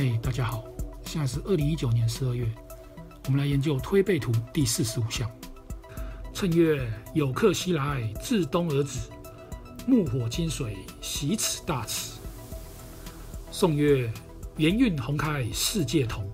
嘿、欸，大家好，現在是二零一九年十二月，我們來研究推背圖第四十五象。讖曰，有客西來，自東而止。木火金水，洗此大恥。頌曰：元運宏開，世界同。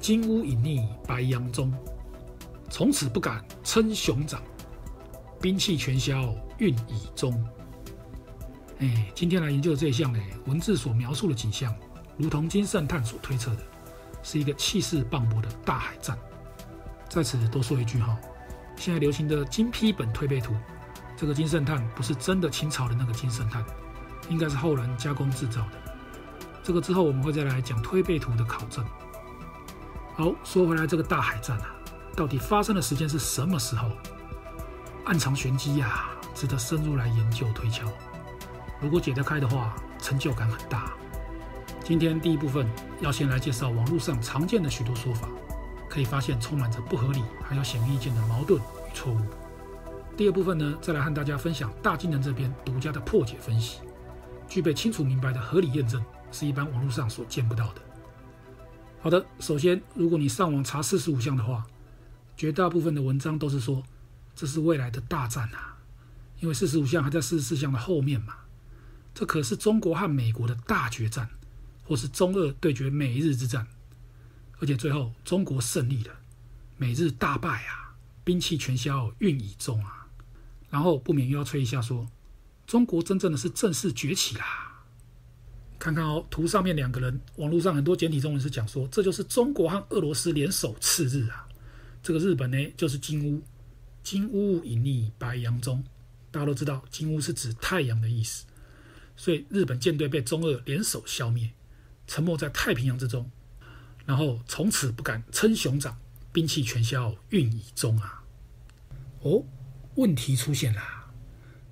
金屋隱匿，白洋中。從此不敢稱雄長，兵器全銷，運已終。哎、欸，今天來研究這象，呢，文字所描述的景象。如同金聖嘆所推測的，是一個氣勢磅礴的大海戰。在此多說一句哈，現在流行的金批本推背圖，這個金聖嘆不是真的清朝的那個金聖嘆，應該是後人加工制造的。這個之後我們會再來講推背圖的考證。好，說回來這個大海戰啊，到底發生的時間是什麼時候？暗藏玄機呀、啊，值得深入來研究推敲。如果解得開的話，成就感很大。今天第一部分要先來介紹網絡上常見的許多說法，可以發現充滿着不合理，還有顯而易見的矛盾與錯誤。第二部分呢，再來和大家分享大金人這邊獨家的破解分析，具備清楚明白的合理驗證，是一般網絡上所見不到的。好的，首先如果你上網查四十五象的話，絕大部分的文章都是說這是未來的大戰吶、啊，因為四十五象還在四十四象的後面嘛，這可是中國和美國的大決戰。或是中俄對決美日之戰，而且最後中國勝利了，美日大敗啊！兵器全銷運已終啊！然後不免又要吹一下說，中國真正的是正式崛起啦！看看哦，圖上面兩個人，網絡上很多簡體中文是講說，這就是中國和俄羅斯聯手次日啊！這個日本呢，就是金烏，金烏隱匿白洋中，大家都知道金烏是指太陽的意思，所以日本艦隊被中俄聯手消滅。沉沒在太平洋之中，然後從此不敢稱雄長，兵器全銷運已終啊！哦，問題出現啦、啊、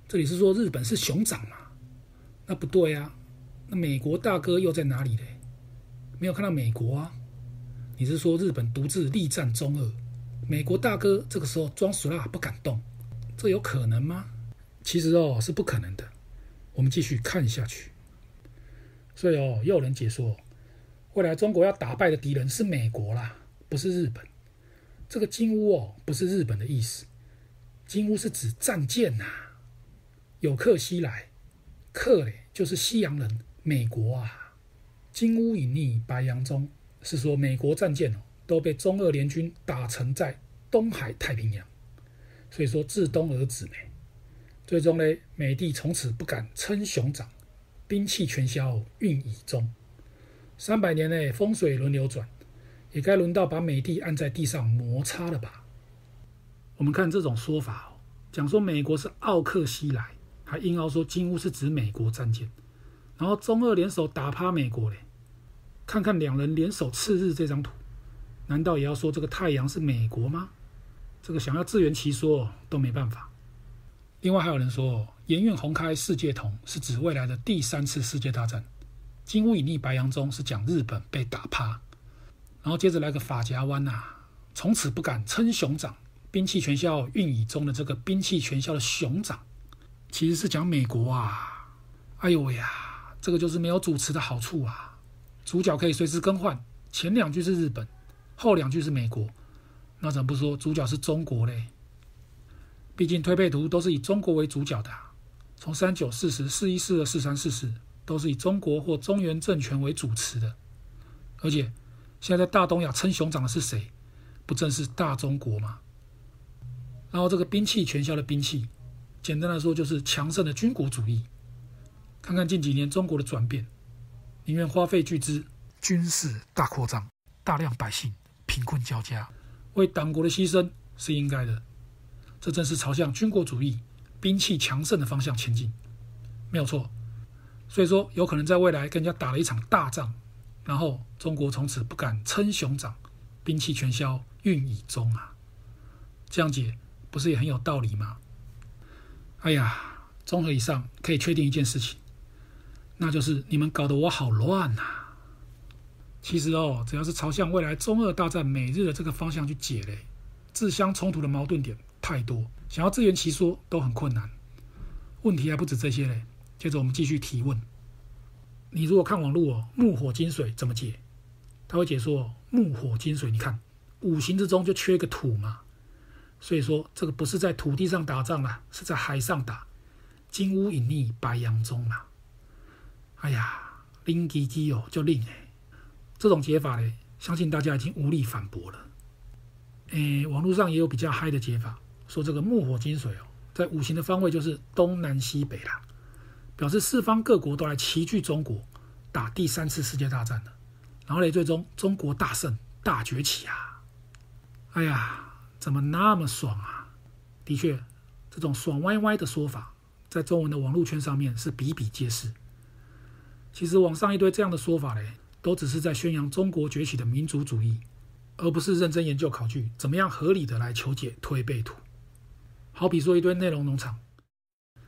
這裡是說日本是雄長嘛？那不對啊！那美國大哥又在哪裡呢？沒有看到美國啊！你是說日本獨自力戰中俄，美國大哥這個時候裝死啦，不敢動？這有可能嗎？其實哦是不可能的。我們繼續看下去。所以哦，又有人解說，未來中國要打敗的敵人是美國啦，不是日本。這個金烏哦，不是日本的意思，金烏是指戰艦吶、啊。有客西來，客嘞就是西洋人，美國啊。金烏隱匿白洋中，是說美國戰艦哦都被中俄聯軍打沉在東海、太平洋，所以說自東而止呢。最終嘞，美帝從此不敢稱雄長。兵氣全銷運已終。三百年內風水輪流轉，也該輪到把美帝按在地上摩擦了吧？我們看這種說法哦，講說美國是奧克西來，還硬要說金烏是指美國戰艦，然後中俄聯手打趴美國嘞。看看兩人聯手刺日這張圖，難道也要說這個太陽是美國嗎？這個想要自圓其說都沒辦法。另外還有人說“炎運紅開世界同”是指未來的第三次世界大戰，“金烏隱匿白洋中”是講日本被打趴，然後接着來個“髮夾彎吶、啊，從此不敢稱雄長”，“兵器全銷運已終的這個“兵器全銷」的雄長，其實是講美國啊！哎呦喂呀，這個就是沒有主持的好處啊，主角可以隨時更換。前兩句是日本，後兩句是美國，那怎麼不說主角是中國嘞？畢竟，推背圖都是以中國為主角的啊。從三九、四十、四一、四二、四三、四四，都是以中國或中原政權為主持的。而且，現在在大東亞稱雄長的是誰？不正是大中國嗎？然後，這個兵器全銷的兵器，簡單來說就是強盛的軍國主義。看看近幾年中國的轉變，寧願花費巨資軍事大擴張，大量百姓貧困交加，為黨國的犧牲是應該的。這正是朝向軍國主義、兵器強盛的方向前進，沒有錯。所以說，有可能在未來跟人家打了一場大仗，然後中國從此不敢稱雄長，兵器全銷，運已終啊。這樣解不是也很有道理嗎？哎呀，綜合以上可以確定一件事情，那就是你們搞得我好亂吶、啊。其實哦，只要是朝向未來中俄大戰、美日的這個方向去解嘞，自相衝突的矛盾點。太多，想要自圓其說都很困難。問題還不止這些嘞。接着我們繼續提問：你如果看網絡哦，木火金水怎麼解？他會解說木火金水，你看五行之中就缺一個土嘛，所以說這個不是在土地上打仗啦，是在海上打。金烏隱匿，白洋中了。哎呀，拎雞雞哦，就拎，欸，這種解法呢，相信大家已經無力反駁了。欸，網絡上也有比較嗨的解法。說這個木火金水哦，在五行的方位就是東南西北啦，表示四方各國都來齊聚中國，打第三次世界大戰了，然後呢，最終中國大勝大崛起啊！哎呀，怎麼那麼爽啊？的確，這種爽歪歪的說法，在中文的網絡圈上面是比比皆是。其實網上一堆這樣的說法呢，都只是在宣揚中國崛起的民族主義，而不是認真研究考據，怎麼樣合理的來求解推背圖。好比說一堆內容農場，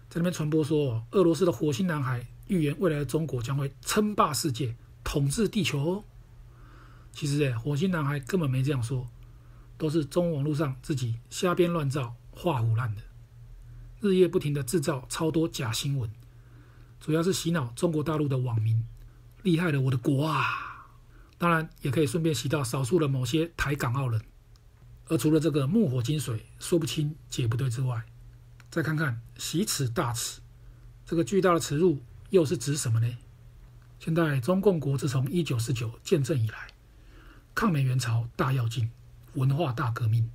在那邊傳播說，俄羅斯的火星男孩預言未來的中國將會稱霸世界，統治地球哦。其實，哎，火星男孩根本沒這樣說，都是中網絡上自己瞎編亂造、畫虎爛的，日夜不停的製造超多假新聞，主要是洗腦中國大陸的網民。厲害了我的國啊！當然，也可以順便洗到少數的某些台港澳人。而除了這個木火金水說不清解不對之外，再看看洗此大恥，這個巨大的恥辱又是指什麼呢？現在中共國自從一九四九建政以來，抗美援朝大躍進、文化大革命、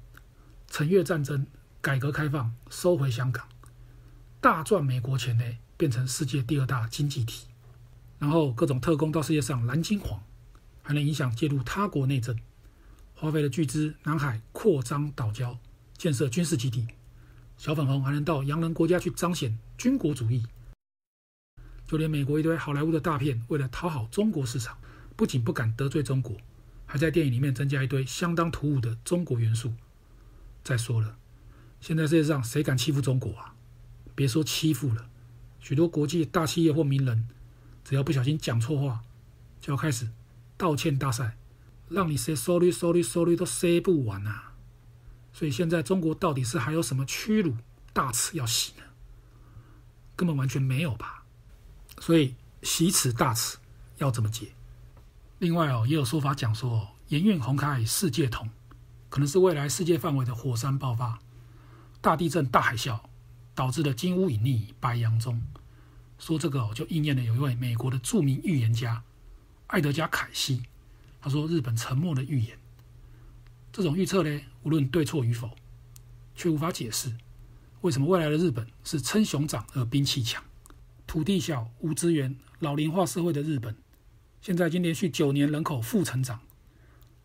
陳越戰爭、改革開放、收回香港、大賺美國錢呢，變成世界第二大經濟體，然後各種特工到世界上藍金黃，還能影響介入他國內政。花費了巨資，南海擴張島礁，建設軍事基地，小粉紅還能到洋人國家去彰顯軍國主義。就連美國一堆好萊塢的大片，為了討好中國市場，不僅不敢得罪中國，還在電影裡面增加一堆相當突兀的中國元素。再說了，現在世界上誰敢欺負中國啊？別說欺負了，許多國際大企業或名人，只要不小心講錯話，就要開始道歉大賽。讓你 say sorry sorry sorry 都 say 不完吶、啊，所以現在中國到底是還有什麼屈辱大恥要洗呢？根本完全沒有吧。所以洗恥大恥要怎麼解？另外哦，也有說法講說，炎運宏開世界同，可能是未來世界範圍的火山爆發、大地震、大海嘯導致的金烏隱匿白洋中。說這個哦，就應驗了有一位美國的著名預言家埃德加凱西。他說：“日本沉沒的預言，這種預測呢，無論對錯與否，卻無法解釋為什麼未來的日本是稱雄長而兵氣強，土地小無資源、老齡化社會的日本，現在已經連續九年人口負成長，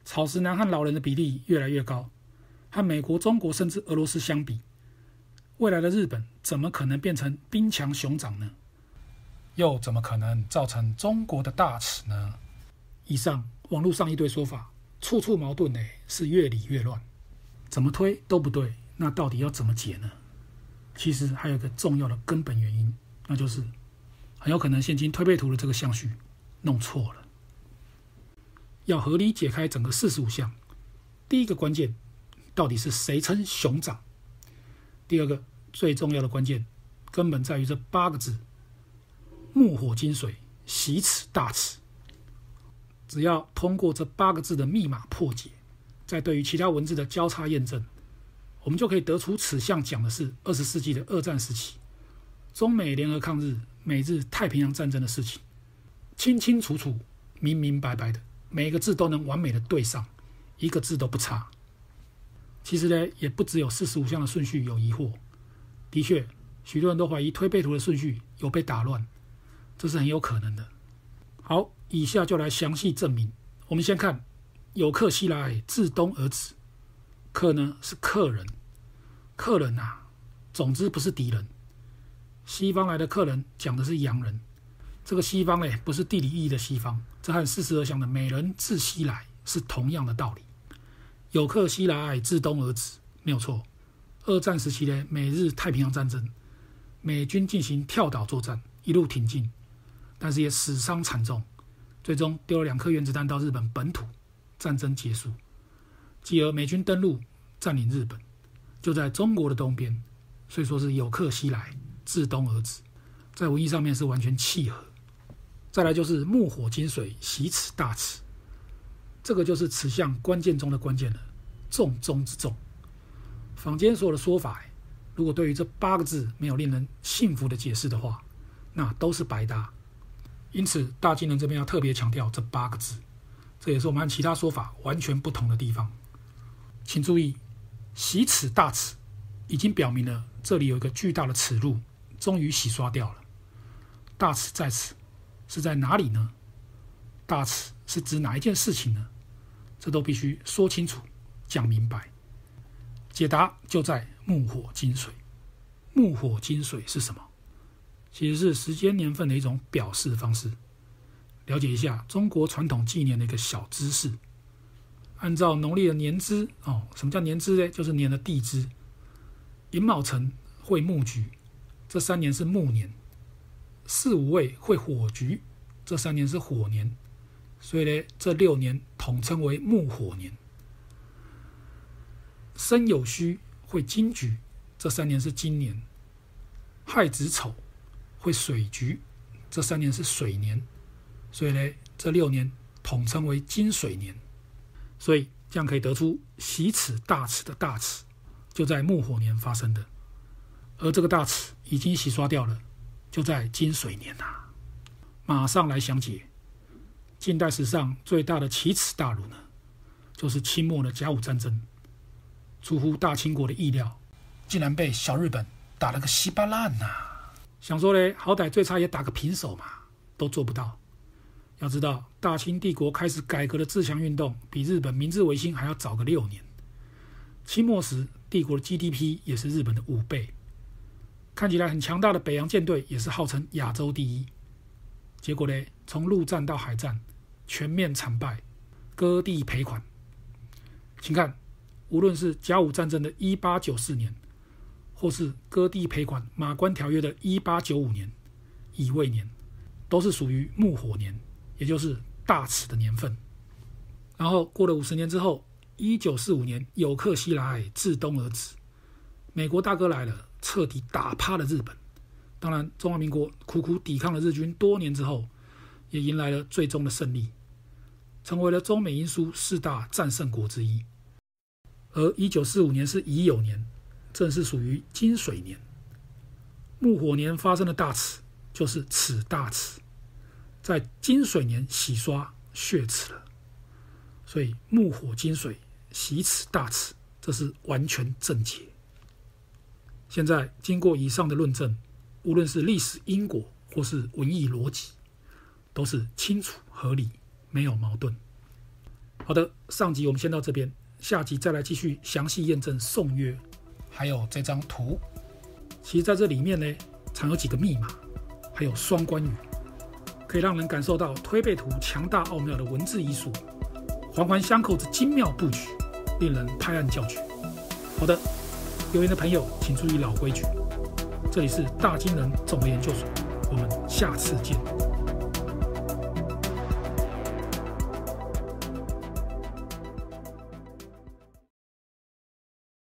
草食男和老人的比例越來越高。和美國、中國甚至俄羅斯相比，未來的日本怎麼可能變成兵強雄長呢？又怎麼可能造成中國的大恥呢？以上。”網絡上一堆說法，處處矛盾，哎，是越理越亂，怎麼推都不對，那到底要怎麼解呢？其實還有一個重要的根本原因，那就是很有可能現今推背圖的這個象序弄錯了。要合理解開整個四十五象，第一個關鍵，到底是誰稱雄長？第二個最重要的關鍵，根本在於這八個字：木火金水，洗此大恥。只要通過這八個字的密碼破解，再對於其他文字的交叉驗證，我們就可以得出此象講的是二十世紀的二戰時期，中美聯合抗日、美日太平洋戰爭的事情，清清楚楚、明明白白的，每一個字都能完美的對上，一個字都不差。其實呢，也不只有四十五象的順序有疑惑，的確，許多人都懷疑推背圖的順序有被打亂，這是很有可能的。好。以下就來詳細證明。我們先看“有客西來，自東而止”。客呢是客人，客人吶、啊，總之不是敵人。西方來的客人講的是洋人。這個西方嘞，不是地理意義的西方，這和四十二象的“美人自西來”是同樣的道理。“有客西來，自東而止”，沒有錯。二戰時期的美日太平洋戰爭，美軍進行跳島作戰，一路挺進，但是也死傷慘重。最終丟了兩顆原子彈到日本本土，戰爭結束，繼而美軍登陸佔領日本，就在中國的東邊，所以說是有客西來，至東而止，在文意上面是完全契合。再來就是木火金水，洗此大恥，這個就是此象關鍵中的關鍵了，重中之重。坊間所有的說法，如果對於這八個字沒有令人信服的解釋的話，那都是白搭。因此，大金人這邊要特別強調這八個字，這也是我們按其他說法完全不同的地方。請注意，洗此大恥，已經表明了這裡有一個巨大的恥辱，終於洗刷掉了。大恥在此是在哪裡呢？大恥是指哪一件事情呢？這都必須說清楚、講明白。解答就在木火金水。木火金水是什麼？其實是時間年份的一種表示方式。了解一下中國傳統紀年的一個小知識。按照農曆的年支哦，什麼叫年支呢？就是年的地支。寅卯辰會木局，這三年是木年；巳午未會火局，這三年是火年。所以呢，這六年統稱為木火年。申酉戌會金局，這三年是金年；亥子丑。會水局，這三年是水年，所以呢，這六年統稱為金水年。所以這樣可以得出，洗恥大恥的大恥，就在木火年發生的，而這個大恥已經洗刷掉了，就在金水年吶、啊。馬上來詳解近代史上最大的奇恥大辱呢，就是清末的甲午戰爭，出乎大清國的意料，竟然被小日本打了個稀巴爛吶、啊。想說嘞，好歹最差也打個平手嘛，都做不到。要知道，大清帝國開始改革的自強運動，比日本明治維新還要早個六年。清末時，帝國的 GDP 也是日本的五倍，看起來很強大的北洋艦隊，也是號稱亞洲第一。結果呢，從陸戰到海戰，全面慘敗，割地賠款。請看，無論是甲午戰爭的1894年。或是割地賠款，《馬關條約》的一八九五年乙未年，都是屬於木火年，也就是大恥的年份。然後過了五十年之後，一九四五年有客西來，自東而止，美國大哥來了，徹底打趴了日本。當然，中華民國苦苦抵抗了日軍多年之後，也迎來了最終的勝利，成為了中美英蘇四大戰勝國之一。而一九四五年是乙酉年。正是屬於金水年，木火年發生的大恥，就是此大恥，在金水年洗刷血恥了，所以木火金水洗此大恥，這是完全正解。現在經過以上的論證，無論是歷史因果或是文藝邏輯，都是清楚合理，沒有矛盾。好的，上集我們先到這邊，下集再來繼續詳細驗證頌曰。還有這張圖，其實在這裡面呢，藏有幾個密碼，還有雙關語，可以讓人感受到推背圖強大奧妙的文字藝術，環環相扣之精妙布局，令人拍案叫絕。好的，留言的朋友請注意老規矩，這裡是大金人綜合研究所，我們下次見。